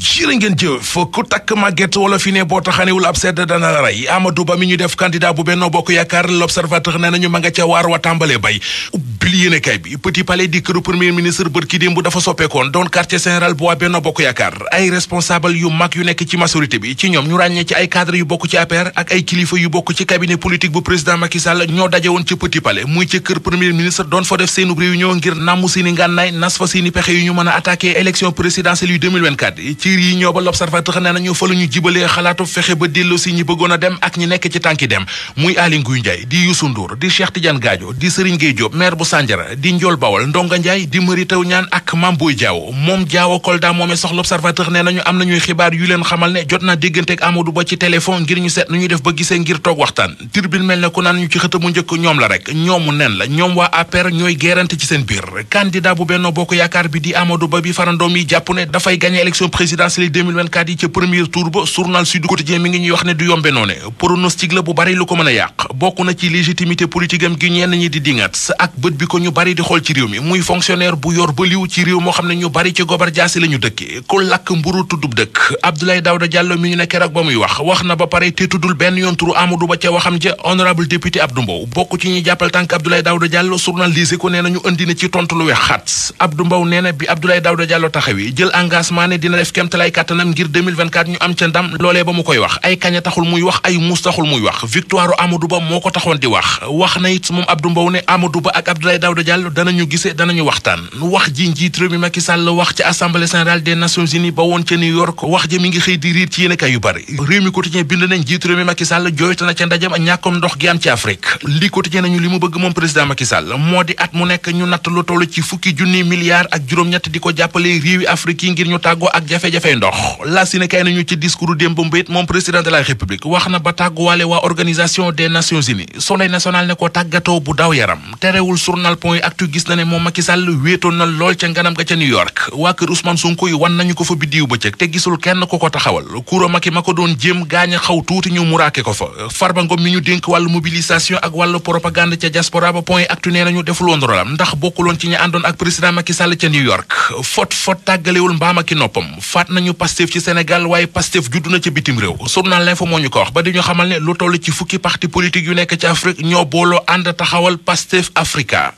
jërë ngeen jëf ku takk màgget wala fi ne boo taxanewul ab sedd dana la rey Amadou Ba mi ñu def candidat bu Benno Bokk Yaakaar l'observateur nee nañu ma nga ca waar wa tàmbalee bay ubbil yéene kay bi petit palais di këru premier ministre dafa soppeekoon doon quartier général bu waa Benno Bokk Yaakaar ay responsable yu mag yu nekk ci majorité bi ci ñoom ñu ràññee ci ay cadre yu bokk ci APR ak ay kilifa yu bokk ci cabinet politique bu président Macky ñoo daje woon ci petit palais muy ci kër doon fa def seenub réunion ngir nàmmu seeni ngànnaay nas fa seeni pexe yu ñu mën a attaqué élection présidentielle yu 2024 ci yi ñoo ba l'observateur a dem ak ñi nekk ci tànki dem muy Aly di Youssou Sandiara di Njool Bawal Ndonga Njaay di Mari ak Mam Boy Jaaw moom Jaaw Kolda moomee sax l'Observateur ne nañu am nañuy xibaar yu leen xamal ne jot naa déggante ak Amadou Ba ci téléphone ngir ñu seet nu ñuy def ba gisee ngir toog waxtaan Tribune mel ne ku naan ñu ci xët mu njëkk ñoom la rek ñoomu nen la ñoom waa APR ñooy gérante ci seen biir candidat bu Benno Bokk Yaakaar bi di Amadou Ba bi farandoom yi jàpp ne dafay gagné élection a ko ñu bari di xool ci réew mi muy fonctionnaire bu yor ba liw ci réew moo xam ne ñu bari ci gobar jaasi la dëkke ku lakk mburu tuddub dëkk Abdoulaye Daouda Diallo mi ñu ne keroog ba muy wax wax na ba pare te tuddul benn yoon turu Amadou Ba ca waxam ja honorable député Abdou Mbow bokk ci ñuy jàppal tànk Abdoulaye Daouda Diallo journaliste ko nee na ñu indi na ci tontu lu wex xat Abdou Mbow nee na bi Abdoulaye Daouda Diallo taxawee jël engagement ne dina def kéemtalaay kàttanam ngir 2024 ñu am ca ndam loolee wax ay muy wax ay muus taxul ko taxoon di wax wax na it moom Abdou Mbow ne Amadou Daouda Diallo danañu gisee danañu waxtaan wax ji njiit réew mi Macky Sall wax ci assemblée générale des nations unies ba woon ca New York wax ji mi ngi xëy di riir ci yéenekaay yu bari réew mi quotidien bind nañ njiit réew mi Macky Sall na ca ndajam ak ñàkkum ndox gi am ci Afrique li quotidien nañu li mu bëgg moom président Macky Sall moo di at mu nekk ñu natt lu toll ci fukki junni milliards ak juróom-ñett di ko jàppale réewi Afrique yi ngir na ba tàgguwaale tàggatoo bu daw yaram journal point actu gis na ne moom Macky Sall wéetoon na lool ca nganam ga ca New York waa kër Ousmane Sonko yi wan nañu ko fa biddiw bëccëg te gisul kenn ko ko taxawal kuro Macky ma ko doon jéem gaañ a xaw tuuti ñu muraake ko fa Farba mi ñu dénk wàllu mobilisation ak wàllu propagande ca diaspora ba point actu nee nañu defuloon rolam ndax bokkuloon ci ñi àndoon ak président Macky ca New York fot fot tàggalewul mbaam ak noppam faat nañu Pastef ci Sénégal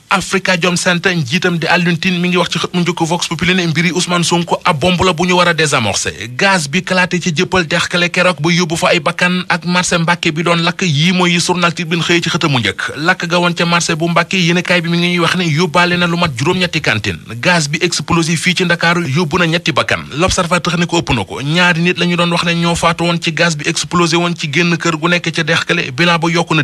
Africa Jom Center njiitam di Alioune Tine mi ngi wax ci xët mu njëkk Vox Populi ne mbiri Ousmane Sonko ab bomb la bu ñu war a désamorcer gaz bi kalaate ci jëppal dexkale keroog ba yóbbu fa ay bakkan ak marché Mbàkke bi doon lakk yii mooy journal Tribune xëy ci xët mu njëkk lakk ga woon ca marché bu Mbàkke yéenekaay bi mi ngi ñuy wax ne yóbbaale na lu mat juróom-ñetti cantine gaz bi explosif fii ci Ndakaaru yóbbu na ñetti bakkan L'Observateur ne ko ëpp na ko ñaari nit la ñu doon wax ne ñoo faatu woon ci gaz bi explosé woon ci génn kër gu nekk ca dexkale bilan ba yokku na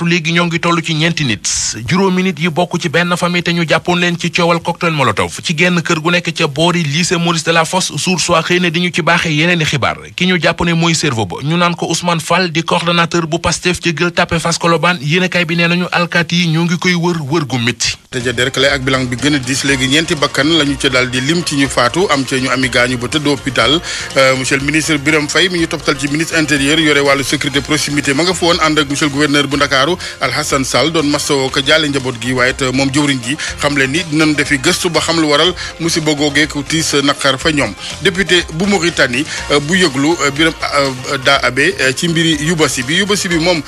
léegi ñoo ngi toll ci ñeenti nit juróomi nit bokk ci benn famille te ñu jàppoon leen ci coowal cocktail molotov ci genn kër gu nekk ca boori lycée Maurice Delafosse suur soit xëy na di ñu ci baaxee yeneen i xibaar ki ñu jàpp ne mooy cerveau ba ñu naan ko Ousmane Fall di coordonnateur bu Pastef ci Gueule Tapée Fass bi nee nañu alkaati yi ngi koy wër wër gu métti tëjee derkale gën léegi ñeenti bakkan la ñu ca daal di lim ci ñu faatu am ci ñu ami gaañu ba tëdd hôpital euh, monsieur le ministre Birame Faye mi ñu toftal ci ministre intérieur yore wàllu sécurité proximité ma nga fa woon ànd ak monsieur le bu Ndakaaru Alhassane Sall doon masawoo ko jaale njaboot gi waaye it moom jëwriñ ji xam leen ni dinañ defi gëstu ba xam lu waral musiba googeeku tiis naqar fa ñoom député bu Mauritanie euh, bu yëglu euh, Birame euh, daa Abe ci mbiri yubasi bi yubasi bi moom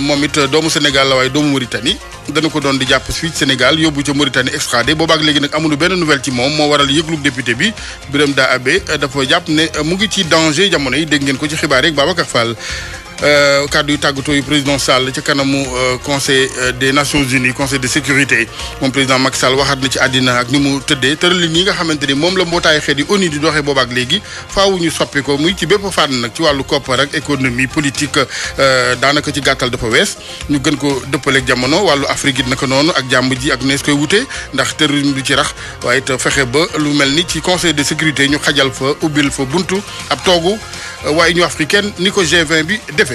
moom it doomu Sénégal la waaye doomu Mauritanie dana ko doon di jàpp fii Sénégal yóbbu ca Mauritanie extradé boobaak léegi nag amuñu benn nouvelle ci moom moo waral yëglu député bi Birame Da Abe dafa jàpp ne mu ngi ci danger jamono yi dégg ngeen ko ci xibaar yeeg Babacar Fall Euh, kàddu yu tàggatoo yu président Sall ci kanamu euh, conseil euh, des nations unies conseil de sécurité moom président Macky Sall waxaat na ci àddina ak ni mu tëddee tëralin yi nga xamante ni moom la mbootaayu xeet yi ONU di doxee boobaak léegi faaw ñu soppi ko muy ci bépp fànn nag ci wàllu koppar ak économie politique daanaka ci gàttal dafa wees ñu gën ko dëppaleeg jamono wàllu Afrique it naka noonu ak jàmm ji ak nees koy wutee ndax terrorisme du ci rax waaye it fexe ba lu mel ni ci conseil de sécurité ñu xajal fa ubbil buntu ab toogu waaye ñu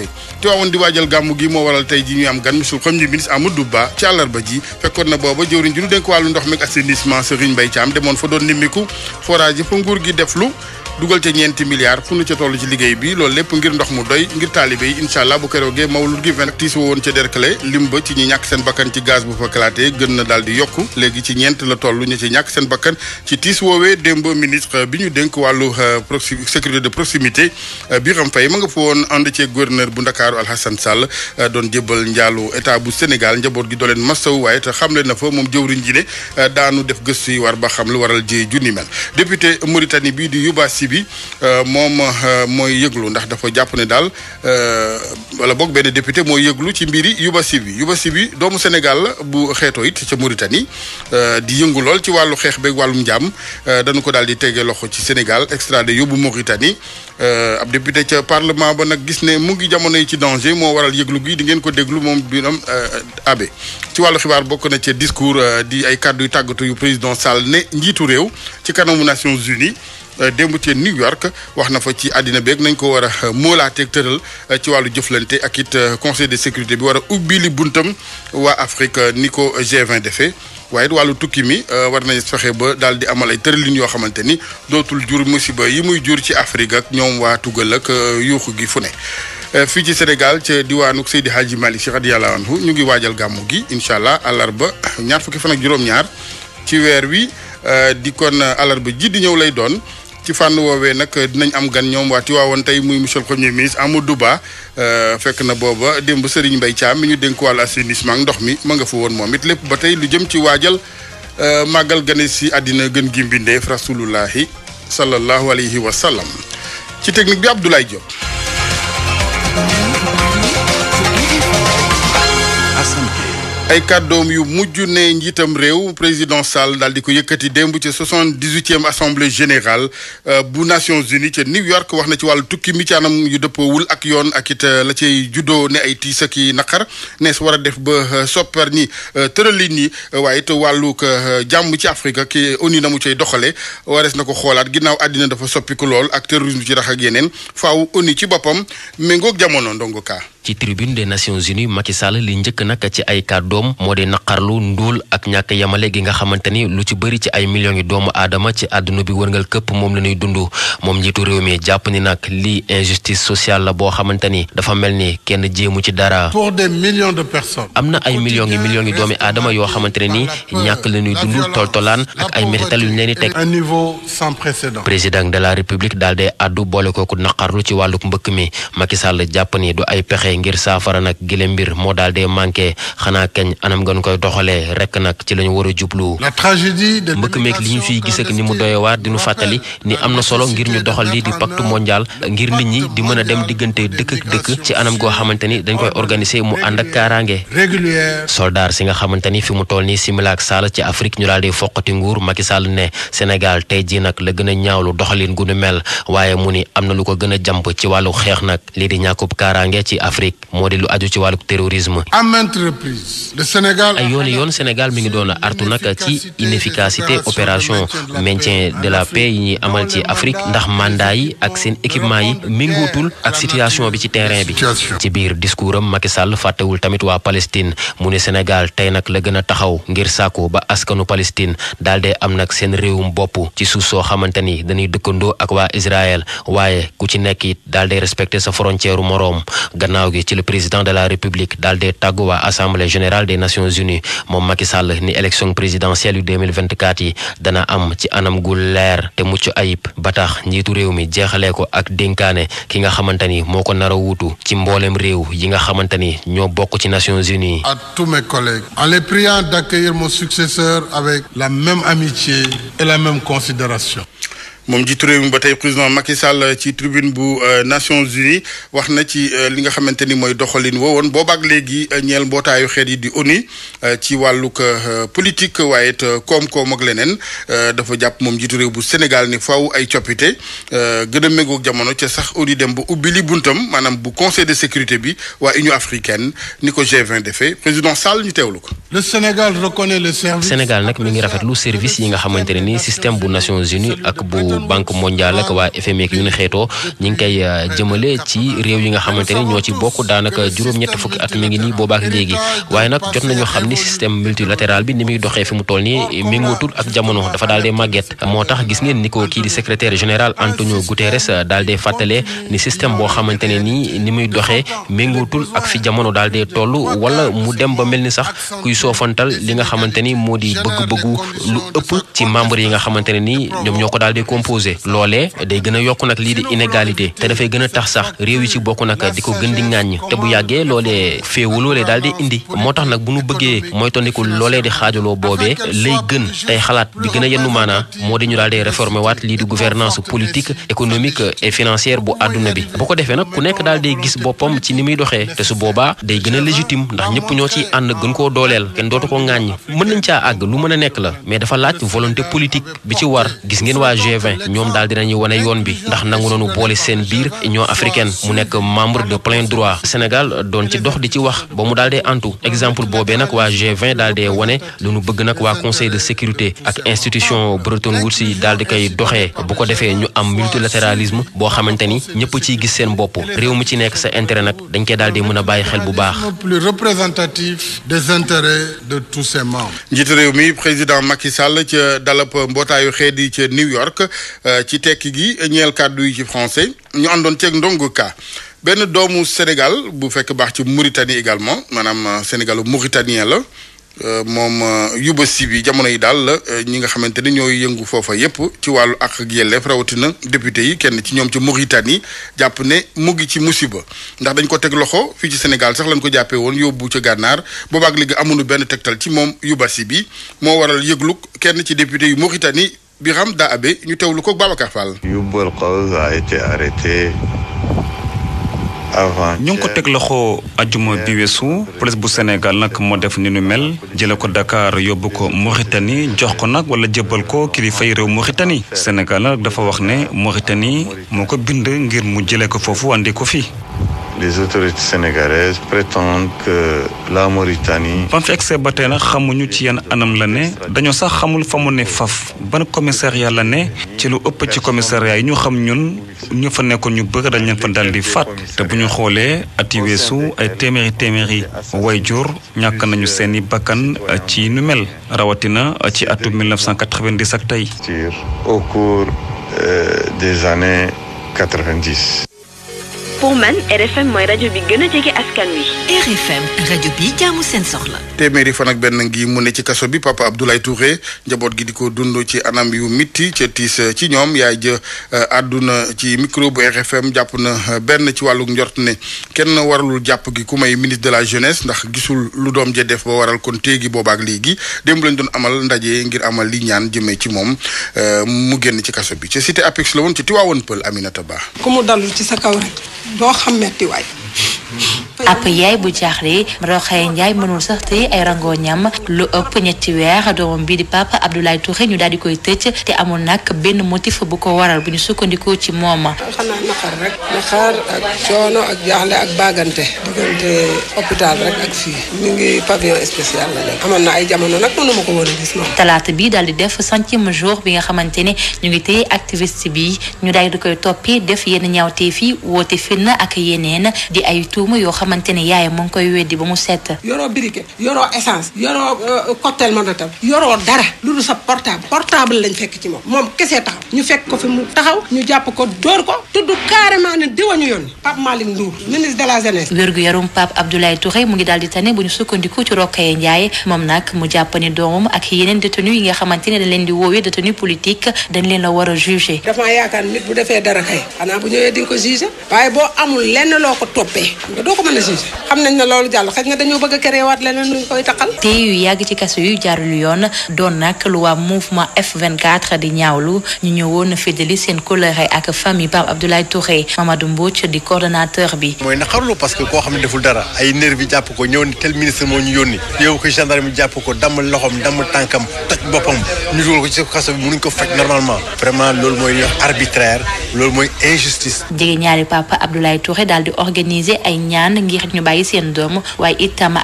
jafe Tiwaawoon di waajal gàmmu gi moo waral tey ji ñuy am gan monsieur premier ministre Amadou Ba ci àllarba ji fekkoon na booba jëwriñ ji ñu dénk ndox mi ak assainissement Serigne Mbaye Thiam demoon fa doon nimmiku forage yi fa nguur gi def lu dugal ca ñeenti milliards fu nu ca toll ci liggéey bi loolu lépp ngir ndox mu doy ngir taalibe yi incha allah bu keroogee mawlud gi vingt tiis woon ca Derklé lim ba ci ñi ñàkk seen bakkan ci gaz bu fa kalaatee gën na daal di yokku léegi ci ñeent la toll ñi ci ñàkk seen bakkan ci tiis woowee démb ministre bi ñu dénk wàllu euh, sécurité de proximité euh, Birame Faye ma nga fa woon ànd ci gouverneur bu Ndakaaru Alhassane Sall euh, doon jébbal njaalu état bu Sénégal moom jëwriñ ji ne daanu def gëstu ba xam lu waral ji junni mel député parti bi euh, moom euh, mooy yëglu ndax dafa jàpp ne daal euh, wala boog benn député mooy yëglu ci mbiri Yuba Sibi Yuba Sibi doomu Sénégal bu xeeto it ca Mauritanie di yëngu lool ci wàllu xeex beeg wàllum jàmm dañu ko daal di tege loxo ci Sénégal extradé yóbbu Mauritanie ab député ca parlement ba nag gis ne mu ngi jamono yi ci danger moo waral yëglu gi di ngeen ko déglu moom biram abe ci wàllu xibaar bokk na ci discours di ay kàddu yu tàggatu yu président Sall ne njiitu réew ci kanamu Nations Unies Euh, démb ci New York wax na fa ci àddina beeg nañ ko war a euh, moolaateeg tëral euh, ci wàllu jëflante ak it conseil de sécurité bi war a ubbi li buntam waa Afrique ni ko gv defe defee. waaye wàllu tukki mi war nañu soxe ba daal di amal ay tëralin yoo xamante ni dootul jur musiba yi muy jur ci Afrique ak ñoom waa tugal ak yuuxu gi fu ne. fii ci Sénégal ca diwaanu Seydi Hadji Malick Sy radiyallahu anhu ñu ngi waajal gàmmu gi incha allah àllarba ñaar fukki fan ak juróom-ñaar ci weer wi di kon àllarba ji di ñëw lay doon. ci fànn woowee nag dinañ am gan ñoom waa Tiwaawoon tey muy monsieur ko premier ministre Amadou Ba euh, fekk na booba démb Serigne Mbaye Thiam mi ñu dénk wàllu assainissement ndox mi ma nga fa woon moom it lépp ba tey lu jëm ci waajal euh, màggal gane si àddina gën gi mbindeef rasulullahi sallallahu alayhi wa sallam ci technique bi Abdoulaye Diop. ay kàddoom yu mujj ne njiitam réew président Sall daal di ko yëkkati demb ci soixante-dix-huitième assemblée générale euh, bu Nations Unies ca New York wax na ci wàllu tukki mi ci anam yu dëppoowul ak yoon ak it euh, la ci juddoo ne ay tiis ak i naqar nees war a def ba euh, soppar ni tëralin yi waaye it wàlluk jàmm ci Afrique ki ONU na mu cay doxale warees na ko xoolaat ginnaaw àddina dafa soppiku lool ak terrorisme ci rax yeneen faaw ONU ci boppam méngoog jamono ndongo ci tribune des nations unies Macky Sall li njëkk nag ci ay kàddoom moo di naqarlu ndóol ak ñàkk yamale gi nga xamante ni lu ci bëri ci ay millions yu doomu aadama ci àdduna bi wërngal këpp moom la ñuy dund moom njiitu réew mi jàpp ni nag lii injustice sociale la boo xamante ni dafa mel ni kenn jéemu ci dara. pour des millions de personnes. am na ay millions yi millions yu doomi aadama yoo xamante ni ñàkk la ñuy dund toltolaan ak ay mérital yu ñu teg. président de la république daal di àddu boole kooku naqarlu ci wàlluk mbëkk mi Macky Sall jàpp ni du ay ngir saafara nag gile mbir moo daal dee manqué xanaa kañ anam gën koy doxalee rek nag ci la ñu war a jublu. mbëkk meeg li ñu fiy gis ni mu doyee waar dinu ñu fàttali ni am na solo ngir ñu doxal lii di pacte mondial ngir nit ñi di mën a dem diggante dëkk ak dëkk ci anam goo xamante ni dañ koy organiser mu ànd ak kaaraange. soldaar si nga xamante ni fi mu toll nii simila ak saala ci Afrique ñu daal di foqati nguur Macky Sall ne Sénégal tey jii nag la gën a ñaawlu doxalin gu nu mel waaye mu ni a Afrique moo di lu ci wàllu terrorisme. à maintes reprises le Sénégal ay yoon yoon Sénégal mi ngi doon artu nag ci inefficacité opération maintien de la paix yi amal ci Afrique ndax mandat yi ak seen équipement yi méngootul ak situation bi ci terrain bi. ci biir discours am Sall fàttewul tamit waa Palestine mu ne Sénégal tey nag la gën a taxaw ngir sàkku ba askanu Palestine daal de am nag seen réewum bopp ci suuf soo xamante ni dañuy dëkkandoo ak waa Israël waaye ku ci nekk it daal de sa frontière moroom gannaaw ginnaaw gi ci le président de la république daal dee tàggu waa assemblée générale des nations unies moom Macky Sall ni élection présidentielle yu dana am ci anam gu leer te mucc ayib ba tax njiitu réew mi jeexalee ko ak dénkaane ki nga xamante ni moo ko nar a wuutu ci mboolem réew yi nga xamante ni ñoo bokk ci nations unies. à tous mes collègues en les priant d'accueillir mon successeur avec la même amitié et la même considération. moom jiitu réew mi ba tey président Macky Sall ci tribune bu euh, Nations Unies wax na ci euh, li nga xamante ni mooy doxalin woowoon boobaak léegi euh, ñeel mbootaayu xeet yi di ni ci wàllug politique waaye it koom-koom ak leneen dafa jàpp moom jiitu réew bu Sénégal ni faaw ay coppite gën a méngoog jamono ca sax ONU dem ba ubbi li buntam maanaam bu conseil de sécurité bi waa Union africaine ni ko G20 defee président Sall ñu teewlu ko. le Sénégal reconnaît le service. Sénégal nag mi nga xamante ne ni système bu Nations ak bu banque mondiale ak waa FMI ak yu ni xeetoo ñi ngi koy euh, jëmale ci réew yi nga xamante ne ñoo ci bokk daanaka juróom-ñett fukki at mi ngi nii boobaak léegi waaye nag jot nañu xam ni système multilatéral bi ni muy doxee fi mu toll nii méngootul ak jamono dafa daal dee moo tax gis ngeen ni ko kii di secrétaire général Antonio Guterres euh, daal dee ni système boo xamante ne nii ni muy doxee méngootul ak fi jamono daal dee toll wala mu dem ba mel ni sax kuy soofantal li nga xamante ni moo di bëgg-bëggu lu ëpp ci membre yi nga xamante ne nii ñoom ñoo imposé loolee day gën a yokk nag lii di inégalité te dafay gën a tax sax réew yi ci bokk nag di ko gën di ŋàññ te bu yàggee loolee féewu loolee daal di indi moo tax nag bu ñu bëggee moytandiku loolee di xaajaloo boobee lay gën tey xalaat bi gën a yennu maanaa moo di ñu daal di réformer waat lii di gouvernance politique économique et financière bu àdduna bi bu ko defee nag ku nekk daal day gis boppam ci ni muy doxee te su boobaa day gën a légitime ndax ñëpp ñoo ciy ànd gën koo dooleel kenn dootu ko ŋàññ mën nañ caa àgg nekk la ñoom daal dinañu wane yoon bi ndax nangu nañu boole seen biir ñoo africaine mu nekk membre de plein droit Sénégal doon ci dox di ci wax ba mu daal dee antu exemple boobee nag waa G20 daal dee wane lu nu bëgg nag waa conseil de sécurité ak institution Bretton Woods yi daal di koy doxe bu ko defee ñu am multilatéralisme boo xamante ni ñëpp ciy gis seen bopp réew mi ci nekk sa intérêt nag dañ koy daal di mën a bàyyi xel bu baax. plus représentatif des de tous ses membres. njiitu réew mi président Macky Sall mbootaayu xeet yi ca New Euh, ci tekki gi ñeel kàddu yi ci français ñu àndoon ceeg ndongo ka benn doomu Sénégal bu fekk baax ci Mauritanie également maanaam euh, sénégalu mauritanien la euh, moom yuba si bi jamono yi daal ñi nga xamante ni ñoo yëngu foofa yépp ci wàllu ak ak yelleef rawatina député yi kenn ci ñoom ci Mauritanie jàpp ne muggi ci musiba ndax dañ ko teg loxo fii ci Sénégal sax lañ ko jàppee woon yóbbu ca gànnaar boobaak léegi amuñu benn tegtal ci moom yuba si bi moo waral yëglug kenn ci député yu Mauritanie Biram Da Abe ñu teewlu ko Babacar Fall. Yumbal Qawz ngi ko teg loxo ajuma bi weesu police bu Sénégal nag moo def ni nu mel jële ko Dakar yóbbu ko Mauritanie jox ko nag wala jëbal ko kilifay réew Mauritanie Sénégal nag dafa wax ne Mauritanie moo ko bind ngir mu jële ko foofu andi ko fii. les autorités sénégalaises prétendent que la Mauritanie. fan fi egg ba tey nag xamuñu ci yan anam la ne dañoo sax xamul fa mu ne faf ban commissariat la ne ci lu ëpp ci commissariat yi ñu xam ñun ñu fa nekkoon ñu bëgg dañ leen fa dal di faat te bu ñu xoolee at yi weesu ay téeméeri téeméeri wayjur ñàkk nañu seen i bakkan ci nu mel rawatina ci atum 1990 ak tey. au cours euh, des années 90. pour man RFM mooy rajo bi gën a jege askan wi. téeméeri fan benn ngi mu ne ci kaso bi papa Abdoulaye Touré njaboot gi di ko dund ci anam yu mitti ca tiis euh, ci ñoom yaay jë euh, àdduna ci micro bu RFM jàpp na euh, benn ci wàllu njort ne kenn waralul jàpp gi ku may ministre de la jeunesse ndax gisul lu doom je def ba waral kon téegi boobaak léegi démb lañ doon amal ndaje ngir amal li ñaan jëmee ci moom mu génn ci kaso bi ci cité Apex la woon ci Tivaouane Peulh Ba. doo xam metti waay ab yaay bu jaaxle Roxaya Njaay mënul sax tey ay rango ñam lu ëpp ñetti weer doomam bii di Papa Abdoulaye Touré ñu daldi koy tëj te amul nag benn motif bu ko waral bu ñu sukkandikoo ci moom. xanaa naqar rek naqar ak amoon na ay jamono nag mënuma ko woon talaata bi daal di def centième jour bi nga xamante ni ñu ngi tey activiste bi ñu daal koy toppi def yenn ñaawteef yi woote fitna ak yeneen di ay tuuma yoo xamante ne yaayam mu ngi koy weddi ba mu set. yoroo briquet yoroo essence yoroo euh, cocktail molotov yoroo dara lu dul sa portable portable lañ fekk ci moom kese taxaw ñu fekk ko fi mu taxaw ñu jàpp ko dóor ko tudd carrément diwañu yoon Pape Malick Ndour ministre de la jeunesse. wérgu yarum Pape Abdoulaye Touré mu ngi daal di tane bu ñu sukkandiku ci Rokhaya Ndiaye moom nag mu jàpp ne doomam ak yeneen détenu yi nga xamante ne dañ leen di woowee détenu politique dañ leen la war jàppee nga doo ko mën a juge xam nañ ne loolu jàll xëy dañoo bëgg a kereewaat leneen luñ koy taxal te yu yàgg ci kaso yu jaarul yoon doon nag lu waa mouvement F24 di ñaawlu ñu ñëwoon féddali seen colère ak famille Pape Abdoulaye Touré Mamadou Mbodj di coordonnateur bi mooy naqarlu parce que koo xam ne deful dara ay nerf bi jàpp ko ñëw ni tel ministre moo ñu yónni yow ko gendarme jàpp ko damm loxom damm tànkam toj boppam ñu dugal ko ci kaso bi mënuñ ko faj normalement vraiment loolu mooy arbitraire organiser ay ñaan ngir ñu bàyyi seen doom waaye itam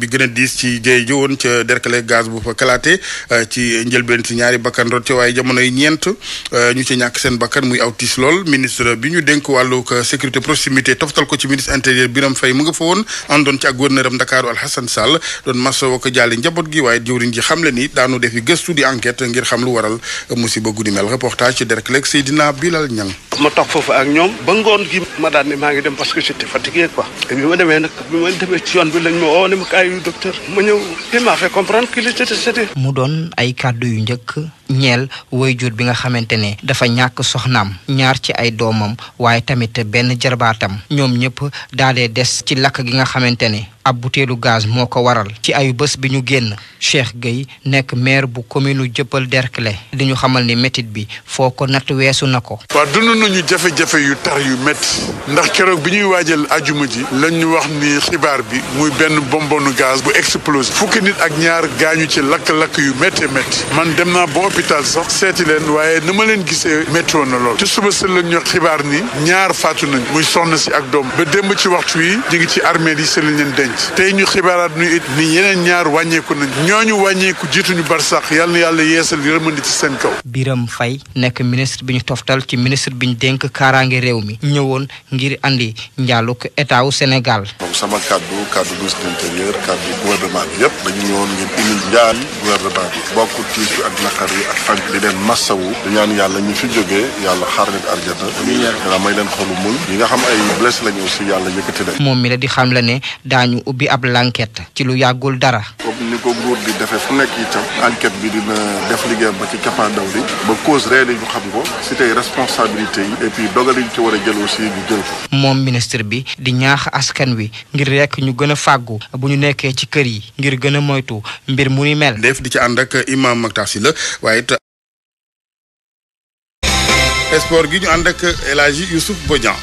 bi gën a diis ci jéey ji woon ca Derklé gaz bu fa kalaate euh, ci njëlbeen si ñaari bakkan rot ci waaye jamono ñeent euh, ñu ci ñàkk seen bakkan muy aw tiis lool ministre bi ñu dénk wàllu euh, sécurité proximité toftal ko ci ministre intérieur Birame Faye mu nga fa woon àndoon ci ak gouverneur am Ndakaaru Alhassane Sall doon masoo ko jaale njaboot gi waaye jëwriñ ji xam ni daanu def gëstu di enquête ngir xam lu waral musiba guddi reportage ci rek léegi Seydina Bilal Niang ma toog foofu ak ñoom ba ngoon gi ma daan ne maa ngi dem parce que j'étais fatigué quoi et bi ma demee nag bi ma demee ci yoon bi lañ ma woo ne ma kaay yu docteur ma ñëw il m'a fait comprendre qu'il était mu doon ay kàddu yu njëkk ñeel waajur bi nga xamante ne dafa ñàkk soxnaam ñaar ci ay doomam waaye tamit benn jarbaatam ñoom ñëpp daalee des ci lakk gi nga xamante ne ab butéelu gaz moo ko waral ci ay bës bi ñu génn Cheikh Gueye nekk maire bu commune jëppal Derklé di ñu xamal ni métit bi foo ko natt weesu na ko waaw dund nañu jafe-jafe yu tar yu métti ndax keroog bi ñuy waajal ajuma ji lañ ñu wax ni xibaar bi muy benn bonbonu gaz bu explose fukki nit ak ñaar gaañu ci lakk-lakk yu hôpital sax seeti leen waaye ni ma leen gisee métro na lool ci suba sën lañ ñu xibaar ni ñaar faatu nañ muy soxna si ak doom ba démb ci waxtu yi ñu ngi ci armée yi sën lañ leen denc tey ñu xibaaraat ñu it ni yeneen ñaar wàññeeku nañ ñooñu wàññeeku jiituñu barsax yal na yàlla yeesal yërmande ci seen kaw. Birame fay nekk ministre bi ñu toftal ci ministre bi ñu dénk kaaraange réew mi ñëwoon ngir andi njaaluk état wu Sénégal. donc sama kaddu kaddu indi njaal gouvernement bi bokkul ak naqar yi ak faj di leen massawu di ñaan yàlla ñu fi jógee yàlla xaar leen arjana yàlla may leen xolu muñ ñi nga xam ay blessé lañu aussi yàlla yëkkati leen moom mi la di xam la ne daañu ubbi ab l'enquête ci lu yàggul dara comme ni ko nguur di defee fu nekk itam bi dina def liggéeyam ba ci cappaandaw li ba cause réelle yi ko si tey responsabilité yi et puis a jël aussi ñu moom ministre bi di ñaax askan wi ngir rekk ñu gën a fàggu bu ñu nekkee ci kër yi ngir gën a moytu mbir mu ni mel def di ci ànd ak imam Mactar Sylla it. sport gi ñu ànd ak El Hadji Youssouf Bodian.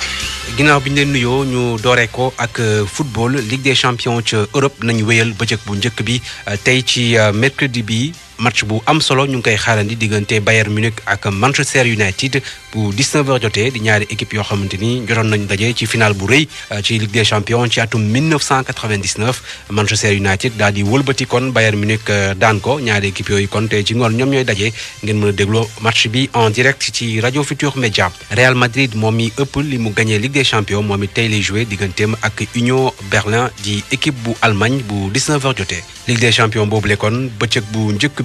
ginnaaw bi ñu leen nuyoo ñu dooree ko ak euh, football Ligue des champions ca Europe nañu wéyal bëccëg bu njëkk bi euh, tey ci euh, mercredi bi. match bu am solo ñu ngi koy xaarandi diggante Bayern Munich ak Manchester United bu 19 jotee di ñaari équipe yoo xamante ni jotoon nañu daje ci final bu rëy euh, ci Ligue des champions ci atum 1999 Manchester United daal di wëlbati kon Bayern Munich euh, daan ko ñaari équipe yooyu kon tey ci ngoon ñoom ñooy daje ngeen mën a dégloo match bi en direct ci rajo Futur Média. Real Madrid moom mi ëpp li mu gagné Ligue des champions moom it tey lay joué digganteem ak Union Berlin di bu Allemagne bu 19h jotee Ligue des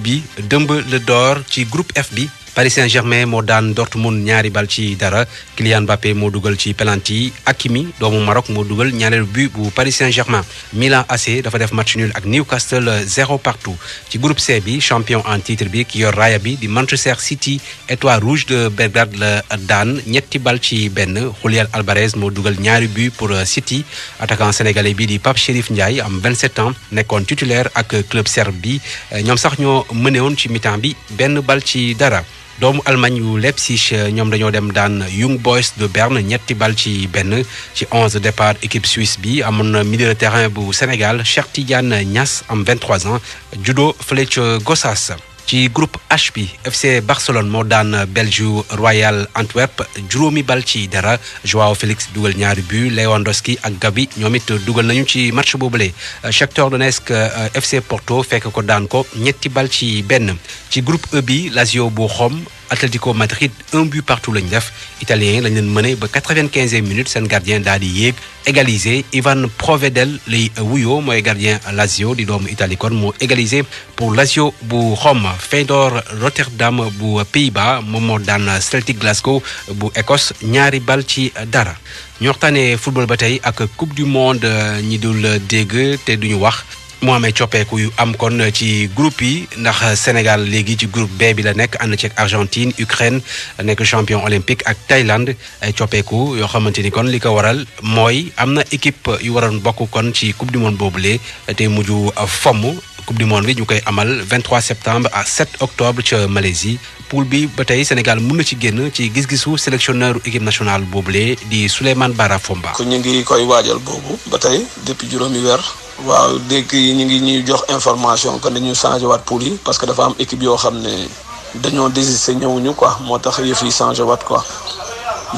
bi dëmb la door ci groupe F bi Paris Saint-Germain moo daan Dortmund ñaari bal ci dara Kylian Mbappé moo dugal ci penalty Hakimi doomu Maroc moo dugal ñaareelu but bu Paris Saint-Germain Milan AC dafa def match nul ak Newcastle euh, zéro partout ci group C bi champion en titre bi ki yor raaya bi di Manchester City étoile rouge de Belgrade la daan ñetti bal ci benn Julián Alvarez moo dugal ñaari but pour euh, City attaquant sénégalais bi di Pape Chérif Ndiaye am 27 ans nekkoon titulaire ak club serbe bi euh, ñoom sax ñoo mënewoon ci mi bi benn bal ci dara doomu Allemagne yu Leipzig euh, ñoom dañoo dem daan Young Boys de Berne ñetti bal ci benn ci onze départ équipe suisse bi amoon na milieu terrain bu Sénégal Cheikh Tidiane Niass am 23 ans judo fële ca Gossas ci groupe H bi FC Barcelone moo daan Belgiu Royal Antwerp juróomi bal ci dara Joao Félix dugal ñaari but Lewandowski ak Gabi ñoom it dugal nañu ci match le Shakhtar Donetsk FC Porto fekk ko daan ko ñetti bal ci benn ci groupe E bi Lazio bu xom Atlético Madrid un but partout lañ def italien lañ leen mëne ba quatre-vingt-quinzième minute seen gardien daal di yéeg égalisé Ivan Provedel lay wuyoo mooy gardien Lazio di doomu Italie moo égalisé pour Lazio bu Rome Feyenoord Rotterdam bu Pays-Bas moom moo daan Celtic Glasgow bu Écosse ñaari bal ci dara ñu football ba tey ak coupe du monde ñi dul dégg te duñu wax mu amee coppeeku yu am kon ci groupe yi ndax Sénégal léegi ci groupe B bi la nekk am na ànd ceeg Argentine Ukraine nekk champion olympique ak Thaïlande ay coppeeku yoo xamante ni kon li ko waral mooy am na équipe yu waroon bokk kon ci coupe du monde boobule te mujj fomm. coupe du monde bi ñu koy amal 23 septembre à 7 octobre ca Malaisie poule bi ba tey Sénégal mën na ci génn ci gis-gisu sélectionneur équipe nationale boobule di Souleymane Bara Fomba. ko ñu ngi koy waajal boobu ba tey depuis juróomi weer. waaw dégg yi ñu ngi ñuy jox information que dañu changé waat poule yi parce que dafa am équipe yoo xam ne dañoo désisté ñëwuñu quoi moo tax yëf yi changé waat quoi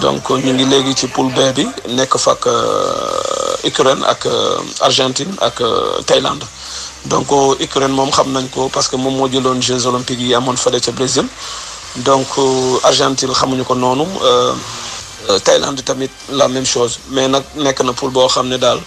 donc ñu ngi léegi ci poule B bi nekk fa ak euh, Ukraine ak euh, Argentine ak euh, Thaïlande. donc Ukraine moom xam nañ ko parce que moom moo jëloon Jeux olympiques yi amoon fële ca Brésil donc euh, Argentine xamuñu ko noonu euh, euh, Thaïlande tamit la même chose mais nag nekk na poule boo xam ne daal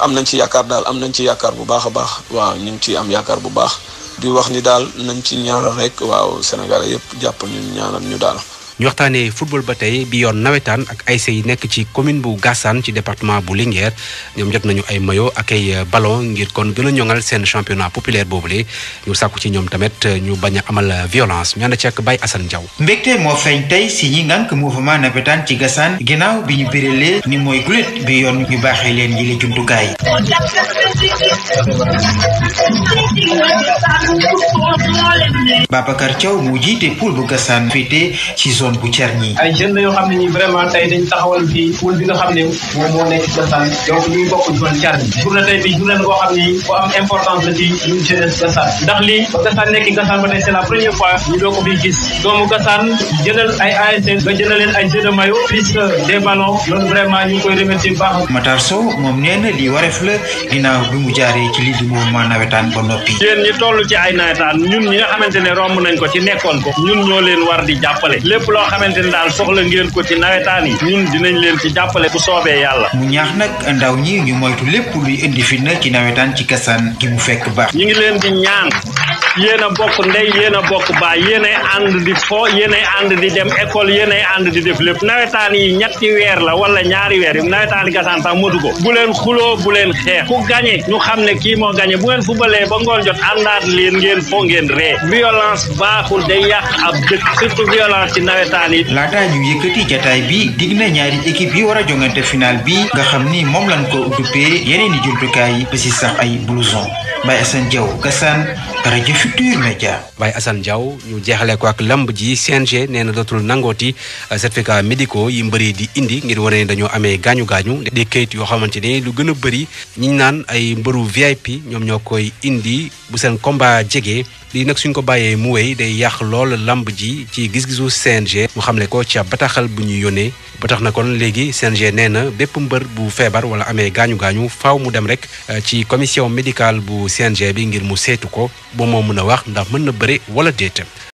am nañ ci yaakaar daal am nañ ci yaakaar bu baax a baax waaw ñu ngi ciy am yaakaar bu baax di wax ni daal nañ ci ñaanal rek waaw Sénégal yëpp jàpp ñu ñaanal ñu daal. ñu waxtaanee football ba tey bi yoon nawetaan ak ASC yi nekk ci commune bu Gassane ci département bu Linguère ñoom jot nañu ay maillot ak ay euh, ballon ngir kon gën a ñoŋal seen championnat populaire boobule ñu sàkku ci ñoom tamit euh, ñu bañ a amal euh, violence ñu ànd ci ak Baye Assane Diaw. mbégte moo feeñ tey si ñi ngànk mouvement nawetaan ci Gassane ginnaaw bi ñu bérélee ni mooy gulet bi yoon ñu baaxee leen yi la jumtukaay. Babacar mu jiite poul bu Gassane féete ci zone zone bu Cerny. ay jeunes la yoo xam ne nii vraiment tey dañ taxawal fii wul bi nga xam ne moom moo nekk Gassane donc ñuy bokk zone Cerny. journée tey bi journée boo xam ni bu am importance la ci ñun jeunesse Gassane ndax lii Gassane nekk Gassane ba tey c'est la première fois ñu doo ko fi gis doomu Gassane ñun ñi war di jàppale lépp loo xamante ni daal soxla ngeen ko ci nawetaan yi ñun dinañ leen ci jàppale bu soobee yàlla mu ñaax nag ndaw ñi ñu moytu lépp luy indi fitna ci nawetaan ci kasaan gi mu fekk baax ñi ngi leen di ñaan yéen a bokk ndey yéen a bokk baay yéen ay di fo yéen ay di dem école yéen ay di def lépp nawetaan yi ñetti weer la wala ñaari weer yi nawetaani gasaan sax motu ko bu leen xuloo bu leen xeex ku gañe ñu xam ne kii moo gañe bu ngeen fubalee ba ngoon jot àndaat leen ngeen foo ngeen ree violence baaxul day yàq ab dëkk seetaan it. laataa ñu yëkkati jataay bi dig na ñaari équipe yi war a jongante final bi nga xam ni moom lañ ko duppee yeneen i jumtukaay ba si sax ay blouson Mbaye Assane Diaw Gassane rajo Futurs Médias Baye Assane ñu jeexalee ko ak lamb ji CNG nee na dootul nangooti euh, certificat médicaux yi mbëri di indi ngir wane ne dañoo amee gaañu-gaañu di kayit yoo xamante ni lu gën a bëri ñi naan ay mbëru VIP ñoom ñoo koy indi bu seen combat jegee lii nag suñ ko bàyyee mu wéy day yàq lool lamb ji ci gis-gisu CNG mu xamle ko ci bataaxal bu ñu yónnee ba tax na kon léegi CNG nee na bépp mbër bu feebar wala amee gaañu-gaañu faaw mu dem rek euh, ci commission médical bu CNG bi ngir mu seetu ko ba moo mën a wax ndax mën na bëre wala déet